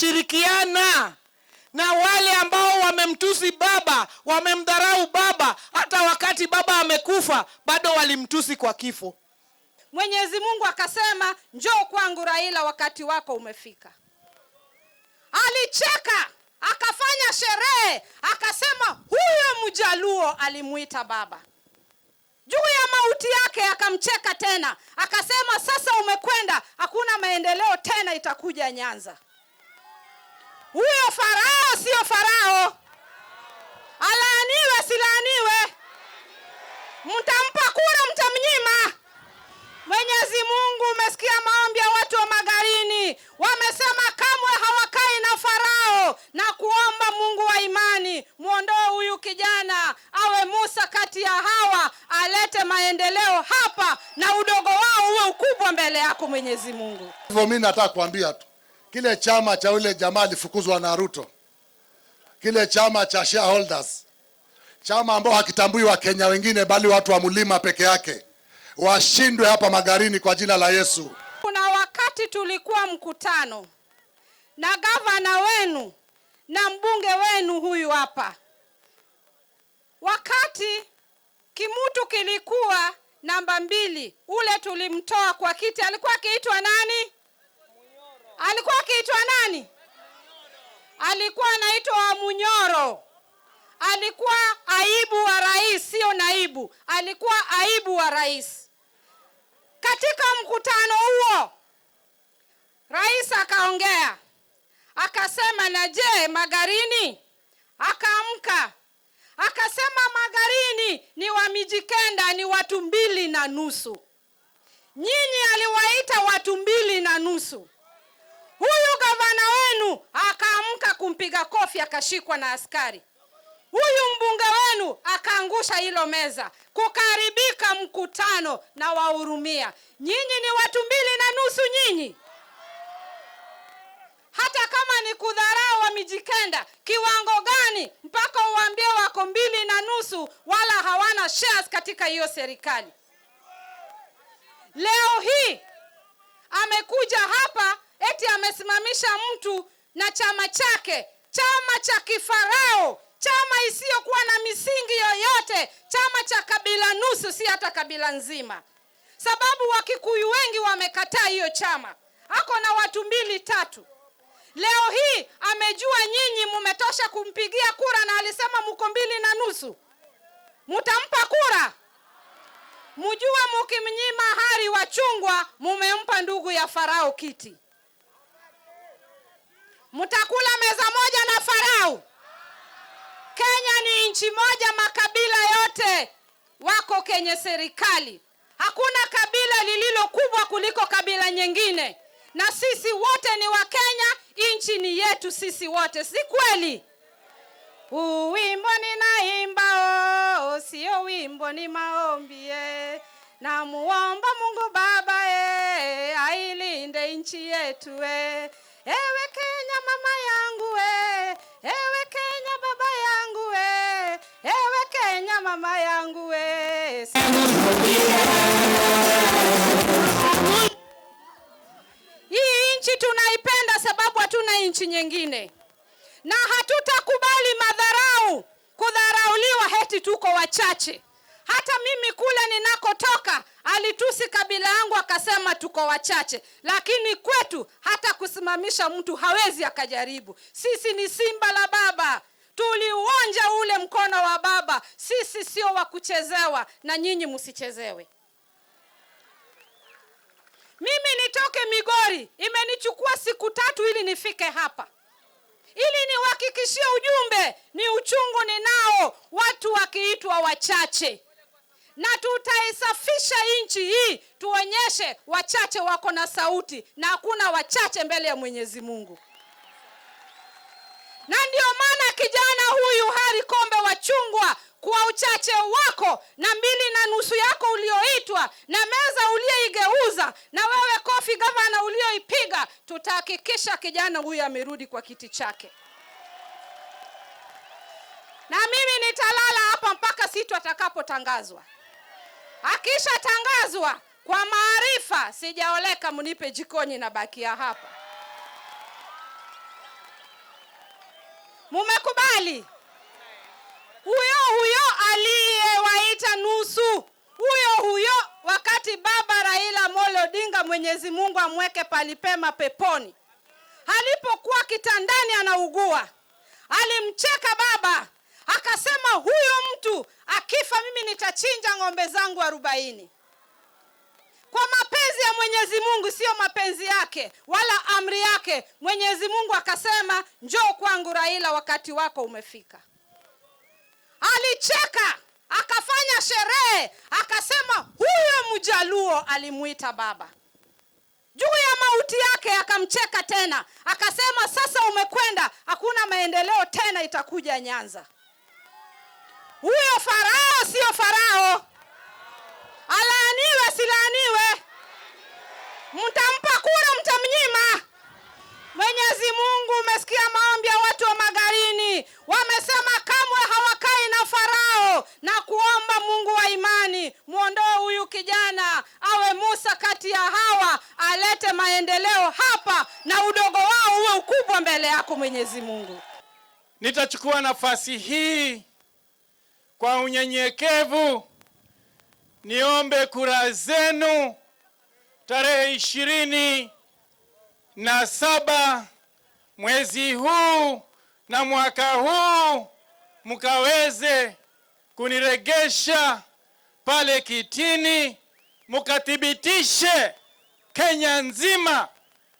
kushirikiana na wale ambao wamemtusi baba, wamemdharau baba. Hata wakati baba amekufa bado walimtusi kwa kifo. Mwenyezi Mungu akasema, njoo kwangu Raila, wakati wako umefika. Alicheka, akafanya sherehe, akasema huyo mjaluo alimwita baba juu ya mauti yake, akamcheka tena, akasema sasa umekwenda, hakuna maendeleo tena itakuja Nyanza. Huyo Farao sio Farao, alaaniwe silaaniwe. Mtampa kura, mtamnyima? Mwenyezi Mungu, umesikia maombi ya watu wa Magarini, wamesema kamwe hawakai na Farao na kuomba Mungu wa imani, muondoe huyu kijana awe Musa kati ya hawa, alete maendeleo hapa na udogo wao uwe ukubwa mbele yako Mwenyezi Mungu. Hivyo mimi nataka kuambia tu Kile chama cha yule jamaa alifukuzwa na Ruto, kile chama cha shareholders, chama ambao hakitambui Wakenya wengine bali watu wa mlima peke yake, washindwe hapa Magarini kwa jina la Yesu. Kuna wakati tulikuwa mkutano na gavana wenu na mbunge wenu huyu hapa, wakati Kimutu kilikuwa namba mbili, ule tulimtoa kwa kiti, alikuwa akiitwa nani? Alikuwa akiitwa nani? Alikuwa anaitwa Munyoro. Alikuwa aibu wa rais, sio naibu, alikuwa aibu wa rais. Katika mkutano huo rais akaongea akasema, na je, Magarini? Akaamka akasema, Magarini ni wa Mijikenda, ni watu mbili na nusu. Nyinyi aliwaita watu mbili na nusu. Huyu gavana wenu akaamka kumpiga kofi akashikwa na askari. Huyu mbunge wenu akaangusha hilo meza, kukaribika mkutano na wahurumia. Nyinyi ni watu mbili na nusu nyinyi hata kama ni kudharau wamijikenda kiwango gani, mpaka uambie wako mbili na nusu, wala hawana shares katika hiyo serikali. Leo hii amekuja hapa eti amesimamisha mtu na chama chake, chama cha kifarao, chama isiyokuwa na misingi yoyote, chama cha kabila nusu, si hata kabila nzima, sababu Wakikuyu wengi wamekataa hiyo chama. Ako na watu mbili tatu Leo hii amejua nyinyi mumetosha kumpigia kura, na alisema muko mbili na nusu. Mutampa kura, mujue mukimnyima hari wa chungwa mumempa ndugu ya Farao kiti mtakula meza moja na Farao. Kenya ni nchi moja, makabila yote wako kwenye serikali. Hakuna kabila lililo kubwa kuliko kabila nyingine, na sisi wote ni Wakenya, nchi ni yetu sisi wote, si kweli? Huu wimbo ninaimba oh, oh, sio wimbo, ni maombi eh. Namuomba Mungu Baba eh, ailinde nchi yetu eh. Ewe Kenya mama yangu we, ewe Kenya baba yangu we, ewe Kenya mama yangu we. Hii nchi tunaipenda sababu hatuna nchi nyingine, na hatutakubali madharau, kudharauliwa heti tuko wachache. Hata mimi kule ninakotoka alitusi kabila tuko wachache, lakini kwetu hata kusimamisha mtu hawezi akajaribu. Sisi ni simba la baba, tuliuonja ule mkono wa baba. Sisi sio wa kuchezewa, na nyinyi msichezewe. Mimi nitoke Migori, imenichukua siku tatu ili nifike hapa ili niwahakikishie ujumbe, ni uchungu ninao, watu wakiitwa wachache na tutaisafisha nchi hii, tuonyeshe wachache wako na sauti na hakuna wachache mbele ya Mwenyezi Mungu. Na ndio maana kijana huyu hari Kombe wa Chungwa, kwa uchache wako na mbili na nusu yako ulioitwa na meza uliyoigeuza na wewe kofi gavana ulioipiga, tutahakikisha kijana huyu amerudi kwa kiti chake, na mimi nitalala hapa mpaka situ atakapotangazwa akishatangazwa kwa maarifa, sijaoleka mnipe jikoni na bakia hapa. Mumekubali? Huyo huyo aliyewaita nusu, huyo huyo wakati baba Raila Molo Odinga, Mwenyezi Mungu amweke palipema peponi, alipokuwa kitandani anaugua, alimcheka baba akasema, huyo mtu akifa mimi nitachinja ng'ombe zangu arobaini. Kwa mapenzi ya Mwenyezi Mungu, siyo mapenzi yake wala amri yake. Mwenyezi Mungu akasema, njoo kwangu Raila, wakati wako umefika. Alicheka, akafanya sherehe, akasema huyo mjaluo alimuita baba juu ya mauti yake akamcheka tena, akasema sasa umekwenda, hakuna maendeleo tena itakuja Nyanza. Huyo Farao sio Farao, alaaniwe silaaniwe. Mtampa kura, mtamnyima? Mwenyezi Mungu, umesikia maombi ya watu wa Magarini, wamesema kamwe hawakai na Farao na kuomba Mungu wa imani, muondoe huyu kijana awe Musa kati ya hawa, alete maendeleo hapa na udogo wao uwe ukubwa mbele yako Mwenyezi Mungu. Nitachukua nafasi hii kwa unyenyekevu niombe kura zenu tarehe ishirini na saba mwezi huu na mwaka huu, mkaweze kuniregesha pale kitini, mukathibitishe Kenya nzima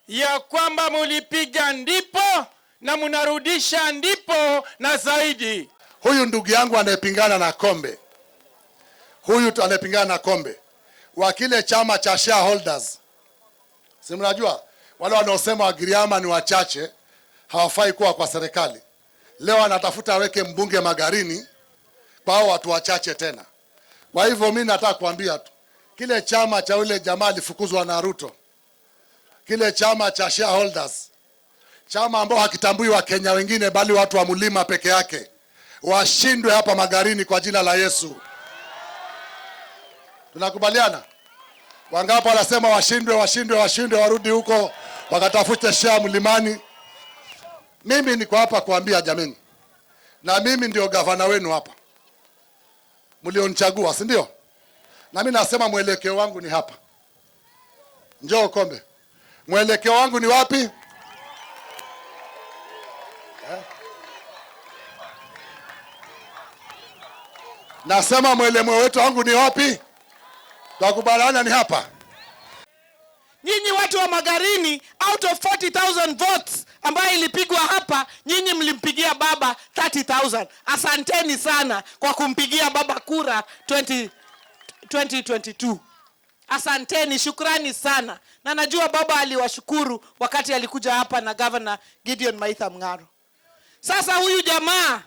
ya kwamba mulipiga ndipo na munarudisha ndipo na zaidi. Huyu ndugu yangu anayepingana na kombe, huyu anayepingana na kombe wa kile chama cha shareholders, si mnajua wale wanaosema Wagiriama ni wachache hawafai kuwa kwa serikali. Leo anatafuta aweke mbunge Magarini kwa hao watu wachache tena. Kwa hivyo mi nataka kuambia tu kile chama cha yule jamaa alifukuzwa na Ruto, kile chama cha shareholders, chama ambao hakitambui Wakenya wengine bali watu wa mlima peke yake washindwe hapa Magarini kwa jina la Yesu. Tunakubaliana? wangapo? wanasema washindwe, washindwe, washindwe, warudi huko wakatafute shea mlimani? Mimi niko hapa kuambia jameni, na mimi ndio gavana wenu hapa, mlionichagua, si ndio? Na mimi nasema mwelekeo wangu ni hapa. Njoo kombe, mwelekeo wangu ni wapi? Nasema mwelemo wetu wangu ni wapi? Takubaliana ni hapa. Nyinyi watu wa Magarini, out of 40,000 votes ambayo ilipigwa hapa, nyinyi mlimpigia baba 30,000. Asanteni sana kwa kumpigia baba kura 20, 2022. Asanteni, shukrani sana, na najua baba aliwashukuru wakati alikuja hapa na Governor Gideon Maitha Mng'aro. Sasa huyu jamaa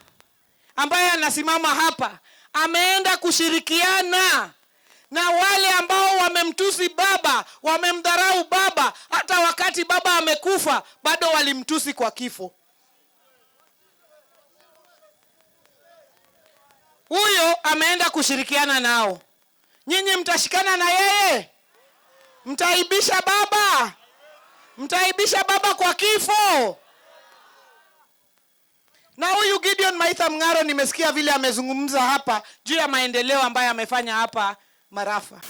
ambaye anasimama hapa ameenda kushirikiana na wale ambao wamemtusi baba, wamemdharau baba. Hata wakati baba amekufa, bado walimtusi kwa kifo. Huyo ameenda kushirikiana nao. Nyinyi mtashikana na yeye? Mtaibisha baba? Mtaibisha baba kwa kifo? Na huyu Gideon Maitha Mng'aro nimesikia vile amezungumza hapa juu ya maendeleo ambayo amefanya hapa Marafa.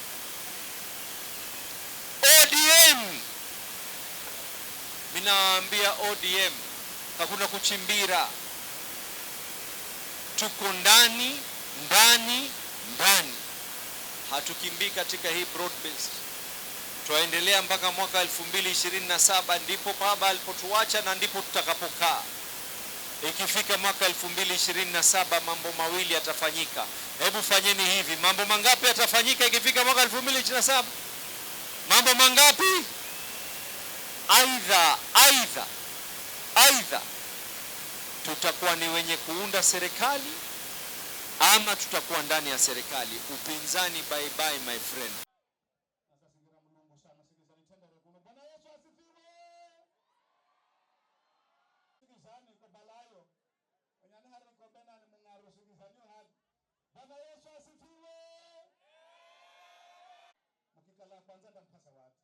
ODM ninaambia ODM, hakuna kuchimbira, tuko ndani ndani ndani, hatukimbii katika hii broad twaendelea mpaka mwaka 2027 ndipo baba alipotuacha na ndipo tutakapokaa. Ikifika mwaka 2027 mambo mawili yatafanyika. Hebu fanyeni hivi, mambo mangapi yatafanyika ikifika mwaka 2027? Mambo mangapi? Aidha, aidha, aidha tutakuwa ni wenye kuunda serikali ama tutakuwa ndani ya serikali. Upinzani bye bye, my friend. tukabanani mungarusumizanio hali Bwana Yesu asifiwe. Mkikala kwanza ndampasa watu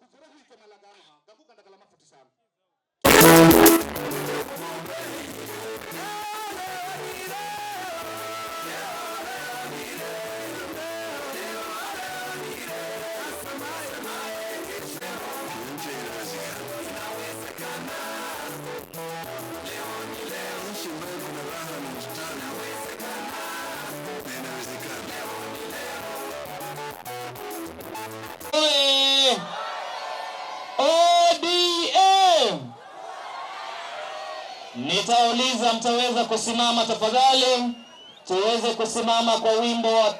kukuruhike malagama gabuka ndagala mafuti sana kama mtaweza kusimama tafadhali, tuweze kusimama kwa wimbo wa...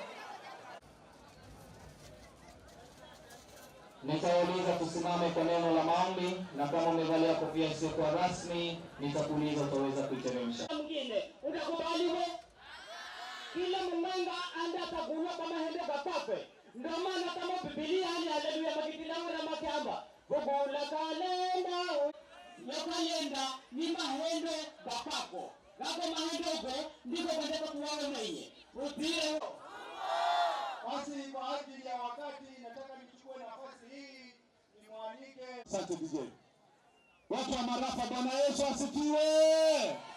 Nitauliza tusimame kwa neno la maombi, na kama umevalia kofia isiyokuwa rasmi, nitakuuliza utaweza kuiteremsha. Kila mumanga anda atagunwa kama hende kapape ndo maana kama bibilia ni haleluya magitilamu na makamba vugula kalenda nokayenda ni mahendo gapako gako mahendo go ndiko kwendeka kuwawe mwenye utirewo basi kwa ajili ya wakati nataka nichukue nafasi hii nimwanike asante vijeni watu wa marafa bwana yesu asifiwe